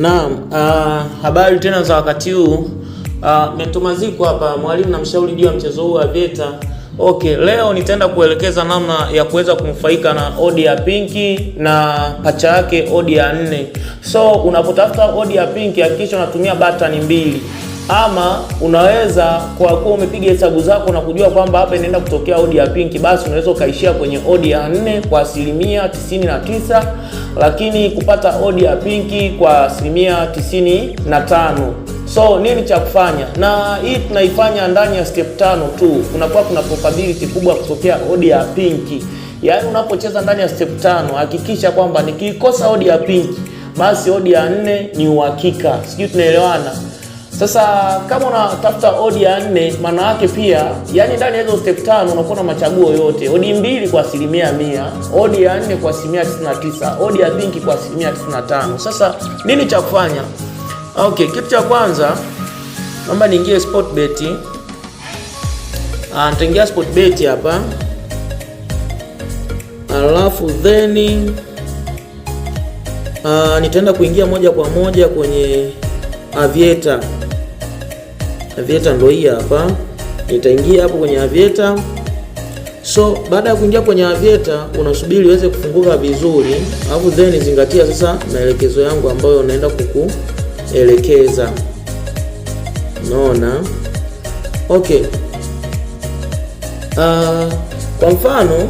Naam, uh, habari tena za wakati huu. Uh, ah, metumaziko hapa mwalimu na mshauri juu ya mchezo huu wa VETA. Okay, leo nitaenda kuelekeza namna ya kuweza kumfaika na odi ya pinki na pacha yake odi ya nne. So unapotafuta odi ya pinki hakikisha unatumia batani mbili ama unaweza kwa kuwa umepiga hesabu zako na kujua kwamba hapa inaenda kutokea odi ya pinki, basi unaweza ukaishia kwenye odi ya 4 kwa asilimia 99 lakini kupata odi ya pinki kwa asilimia 95 So nini cha kufanya? Na hii tunaifanya ndani ya step tano tu, kunakuwa kuna probability kubwa kutokea odi ya pinki. Yaani unapocheza ndani ya step tano, hakikisha kwamba nikikosa odi ya pinki, basi odi ya nne ni uhakika. Sijui tunaelewana? Sasa kama unatafuta odi ya nne, maana yake pia, yani ndani ya hizo step tano unakuwa na machaguo yote: odi mbili kwa asilimia mia, odi ya nne kwa asilimia 99, odi ya pinki kwa asilimia 95. Sasa nini cha kufanya? Okay, kitu cha kwanza naomba niingie sport bet. Ah, nitaingia sport bet hapa, alafu then ah, nitaenda kuingia moja kwa moja kwenye avieta aviator ndio hii hapa. Nitaingia hapo kwenye aviator. So baada ya kuingia kwenye aviator, unasubiri iweze kufunguka vizuri, alafu then zingatia sasa maelekezo yangu ambayo naenda kukuelekeza. Unaona? Okay. Uh, kwa mfano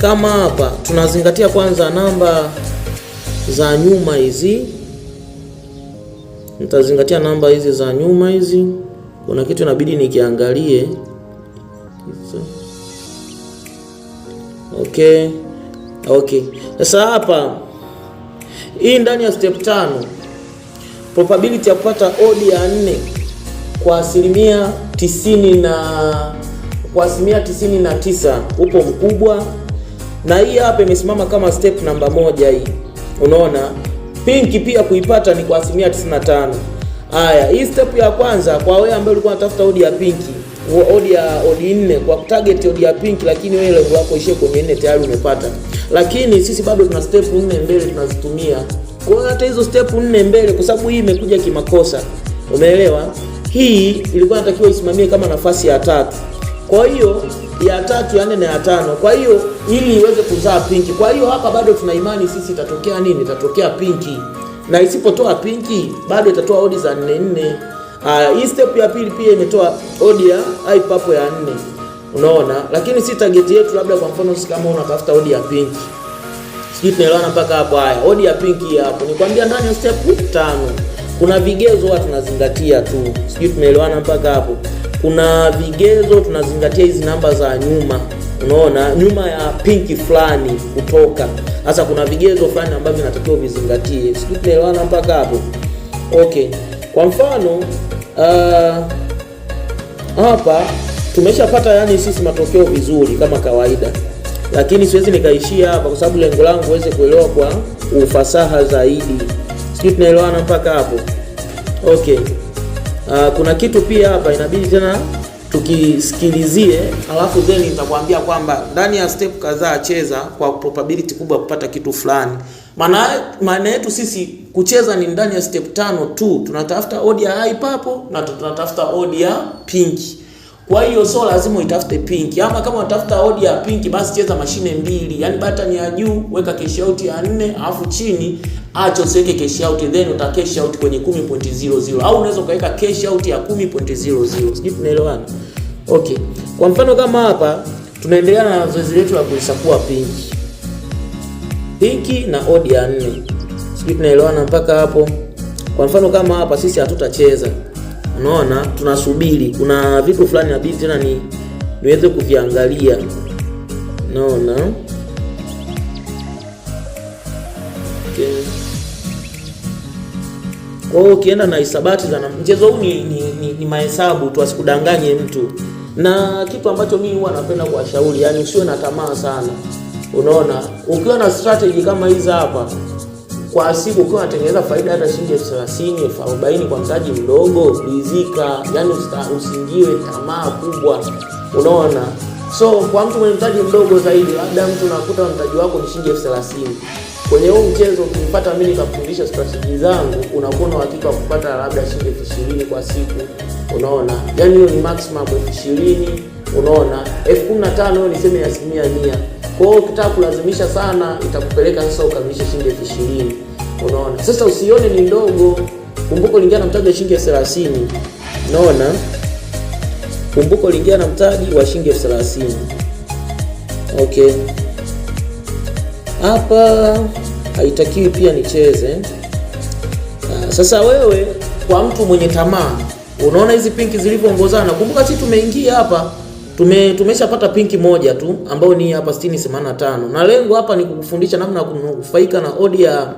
kama hapa tunazingatia kwanza namba za nyuma hizi nitazingatia namba hizi za nyuma hizi. Kuna kitu inabidi nikiangalie. Okay, okay. Sasa hapa hii ndani ya step tano probability ya kupata odi ya nne kwa asilimia tisini na kwa asilimia tisini na tisa upo mkubwa, na hii hapa imesimama kama step namba moja hii, unaona Pinki pia kuipata ni kwa asilimia 95. Haya, hii step ya kwanza kwa wewe ambaye ulikuwa unatafuta odi ya pinki, odi ya odi nne kwa target odi ya pinki, lakini wewe level yako ishie kwenye nne tayari umepata. Lakini sisi bado tuna step nne mbele tunazitumia. Kwa hiyo hata hizo step nne mbele, kwa sababu hii imekuja kimakosa. Umeelewa? Hii ilikuwa inatakiwa isimamie kama nafasi ya tatu. Kwa hiyo ya tatu ya nne na ya tano, kwa hiyo ili iweze kuzaa pinki. Kwa hiyo hapa bado tuna imani sisi itatokea nini? Itatokea pinki, na isipotoa pinki bado itatoa odi za nne nne. Haya, ah, hii step ya pili pia imetoa odi ya high purple ya nne, unaona. Lakini si target yetu, labda kwa mfano sisi kama unatafuta odi ya pinki, sijui tunaelewana mpaka hapo. Haya, odi ya pinki hapo ni kwambia ndani ya step tano kuna vigezo huwa tunazingatia tu, sijui tumeelewana mpaka hapo kuna vigezo tunazingatia hizi namba za nyuma, unaona nyuma ya pinki fulani kutoka. Sasa kuna vigezo fulani ambavyo natakiwa vizingatie, siku tunaelewana mpaka hapo? Okay, kwa mfano uh, hapa tumeshapata yani sisi matokeo vizuri kama kawaida, lakini siwezi nikaishia hapa, kwa sababu lengo langu uweze kuelewa kwa ufasaha zaidi. siku tunaelewana mpaka hapo? Okay uh, kuna kitu pia hapa inabidi tena tukisikilizie, alafu then nitakwambia kwamba ndani ya step kadhaa cheza kwa probability kubwa kupata kitu fulani. Maana yetu sisi kucheza ni ndani ya step tano tu, tunatafuta odi ya hai papo na tunatafuta odi ya pinki. Kwa hiyo so lazima uitafute pinki, ama kama unatafuta odi ya pinki, basi cheza mashine mbili, yani batani ya juu weka cash out ya nne, alafu chini acho usiweke cash out, then uta cash out kwenye 10.00 au unaweza ukaweka cash out ya 10.00. Sijui tunaelewana? Okay, kwa mfano kama hapa tunaendelea na zoezi letu la kuisakua pinki, pinki na odi ya nne. Sijui tunaelewana mpaka hapo? Kwa mfano kama hapa sisi hatutacheza unaona, tunasubiri kuna vitu fulani nabidi tena ni niweze kuviangalia, unaona okay. Kwa hiyo ukienda na hisabati za mchezo huu ni, ni, ni, ni mahesabu tu, asikudanganye mtu, na kitu ambacho mimi huwa napenda kuwashauri, yani usiwe na tamaa sana, unaona, ukiwa na strategy kama hizi hapa kwa siku ukiwa unatengeneza faida hata shilingi elfu thelathini elfu arobaini kwa mtaji mdogo, rizika. Yani usingiwe tamaa kubwa, unaona. So kwa mtu mwenye mtaji mdogo zaidi, labda mtu nakuta mtaji wako ni shilingi elfu thelathini kwenye huu mchezo ukipata mimi nikakufundisha strategy zangu, unakuwa na uhakika wa kupata labda shilingi elfu ishirini kwa siku, unaona. Yani hiyo ni maximum elfu ishirini unaona. elfu kumi na tano hiyo niseme ni asilimia mia kwa hiyo ukitaka kulazimisha sana itakupeleka sasa ukamilishe shilingi elfu ishirini. Unaona, sasa usione ni ndogo. Kumbuko lingia na mtaji wa shilingi elfu thelathini. Unaona, kumbuko lingia na mtaji wa shilingi elfu thelathini. Okay, hapa haitakiwi pia nicheze. Ah, sasa wewe, kwa mtu mwenye tamaa, unaona hizi pinki zilivyoongozana. Kumbuka si tumeingia hapa Tume tumeshapata pinki moja tu ambayo ni hapa 6085 na lengo hapa ni kukufundisha namna ya kunufaika na odi ya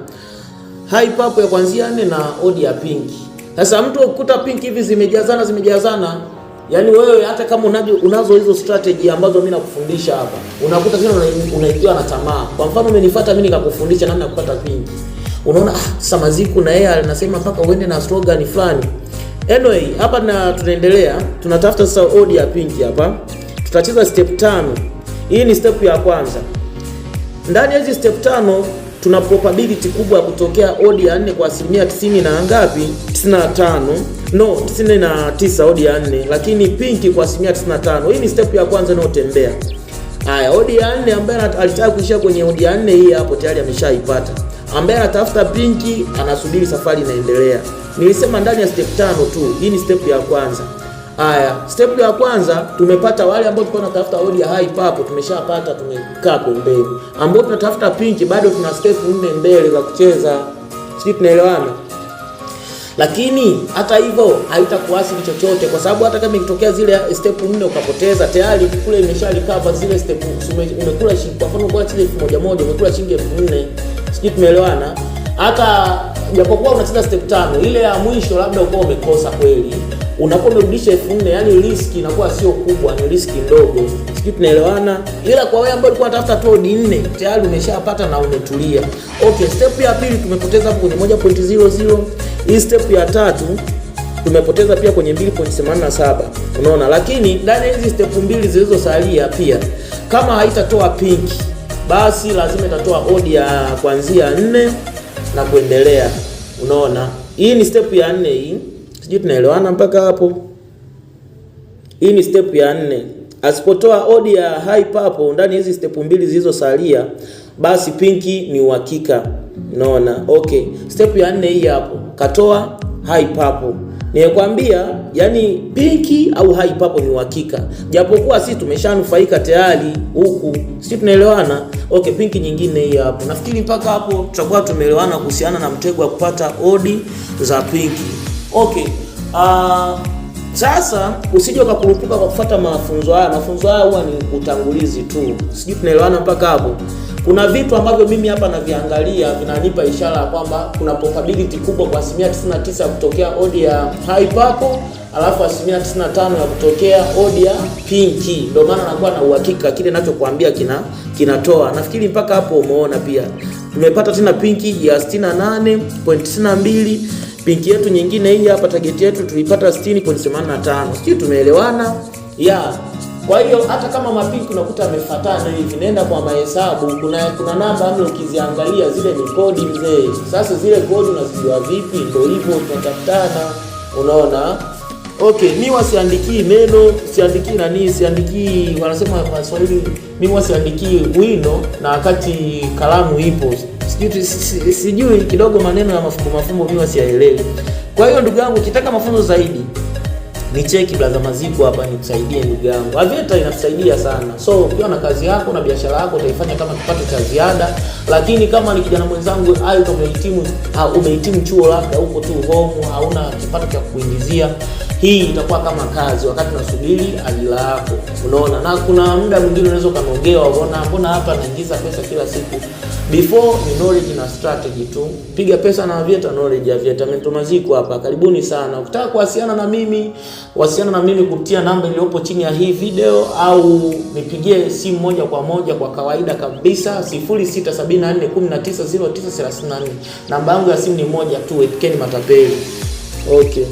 high pop ya kuanzia nne na odi ya pinki. Sasa mtu ukuta pinki hivi zimejazana zimejazana, yani wewe hata kama unavyo unazo hizo strategy ambazo mimi nakufundisha hapa, unakuta tena unaingiwa na tamaa. Kwa mfano umenifuata mimi nikakufundisha namna ya kupata pinki, unaona ah, Samaziku na yeye anasema mpaka uende na slogan fulani Anyway, hapa na tunaendelea, tunatafuta sasa odi ya pinki hapa. Tutacheza step tano. Hii ni step ya kwanza. Ndani ya hizi step tano tuna probability kubwa ya kutokea odi ya 4 kwa asilimia 90 na ngapi? 95. No, 99 odi ya 4, lakini pinki kwa asilimia 95. Hii ni step ya kwanza inayotembea. Haya, odi ya 4 ambaye alitaka kuishia kwenye odi ya 4 hii hapo tayari ameshaipata ambaye anatafuta pinki anasubiri, safari inaendelea. Nilisema ndani ya step tano tu, hii ni step ya kwanza. Haya, step ya kwanza tumepata wale ambao tulikuwa tunatafuta odi ya high papo, tumeshapata, tumekaa pembeni. Ambao tunatafuta pinki bado tuna step nne mbele za kucheza, sisi tunaelewana. Lakini hata hivyo haitakuasili chochote, kwa sababu hata kama ikitokea zile step nne ukapoteza, tayari kule imesha recover zile step, umekula shilingi, kwa mfano kwa shilingi elfu moja moja umekula shilingi elfu nne sijui tumeelewana. Hata japokuwa unacheza step tano, ile ya mwisho labda ukawa umekosa kweli, unakuwa umerudisha elfu nne. Yani riski inakuwa sio kubwa, ni riski ndogo, sijui tunaelewana. Ila kwa wewe ambaye ulikuwa unatafuta todi nne tayari umeshapata na umetulia. Okay, step ya pili tumepoteza hapo kwenye zero Hii step ya tatu tumepoteza pia kwenye 2.87 unaona, lakini ndani ya hizi step mbili zilizosalia pia kama haitatoa pinki basi lazima itatoa odi ya kuanzia nne na kuendelea. Unaona, hii ni step ya nne hii, sijui tunaelewana mpaka hapo? Hii ni step ya nne. Asipotoa odi ya high purple ndani hizi step mbili zilizosalia, basi pinki ni uhakika. Unaona, okay, step ya nne hii hapo, katoa high purple nimekwambia yani pinki au hai papo ni uhakika, japokuwa sisi tumeshanufaika tayari huku, sisi tunaelewana. Okay, pinki nyingine hii hapo. Nafikiri mpaka hapo tutakuwa tumeelewana kuhusiana na mtego wa kupata odi za pinki. Okay, uh, sasa usije ukakurupuka kwa kufuata mafunzo haya. Mafunzo haya huwa ni utangulizi tu, sijui tunaelewana mpaka hapo kuna vitu ambavyo mimi hapa naviangalia vinanipa ishara ya kwamba kuna probability kubwa kwa asilimia 99 ya kutokea odi ya high pako, alafu asilimia 95 ya kutokea odi ya pinki. Ndio maana nakuwa na uhakika kile ninachokuambia kina kinatoa. Nafikiri mpaka hapo umeona. Pia tumepata tena pinki ya 68.92. Pinki yetu nyingine hii hapa, target yetu tulipata 60.85. Sijui tumeelewana ya yeah. Kwa hiyo hata kama mapiki unakuta amefatana hivi, nenda kwa mahesabu, kuna kuna namba ambazo ukiziangalia zile ni kodi mzee. Sasa zile kodi unazijua vipi? Ndio hivyo tunatafutana, unaona. Okay, mi wasiandikii neno, siandikii nani, siandikii wanasema Waswahili, mi wasiandikii wino na wakati kalamu ipo, sijui sijui kidogo maneno ya mafumbo mafumbo mi wasiyaelewi. Kwa hiyo ndugu yangu, ukitaka mafunzo zaidi nicheki blaza Maziku hapa nikusaidie ndugu yangu. Aviator inakusaidia sana. So ukiwa na kazi yako na biashara yako utaifanya kama kipato cha ziada, lakini kama ni kijana mwenzangu ayo umehitimu, umehitimu chuo labda huko tu home, hauna kipato cha kuingizia, hii itakuwa kama kazi wakati unasubiri ajira yako, unaona. Na kuna muda mwingine unaweza ukanogewa, unaona mbona hapa naingiza pesa kila siku Before ni knowledge na strategy tu. Piga pesa na Aviator, knowledge ya vieta Mentor Maziku hapa, karibuni sana. Ukitaka kuwasiliana na mimi, wasiliana na mimi kupitia namba iliyopo chini ya hii video au nipigie simu moja kwa moja kwa kawaida kabisa 0674190934. Namba yangu ya simu ni moja tu, Edken Matapeli. Okay.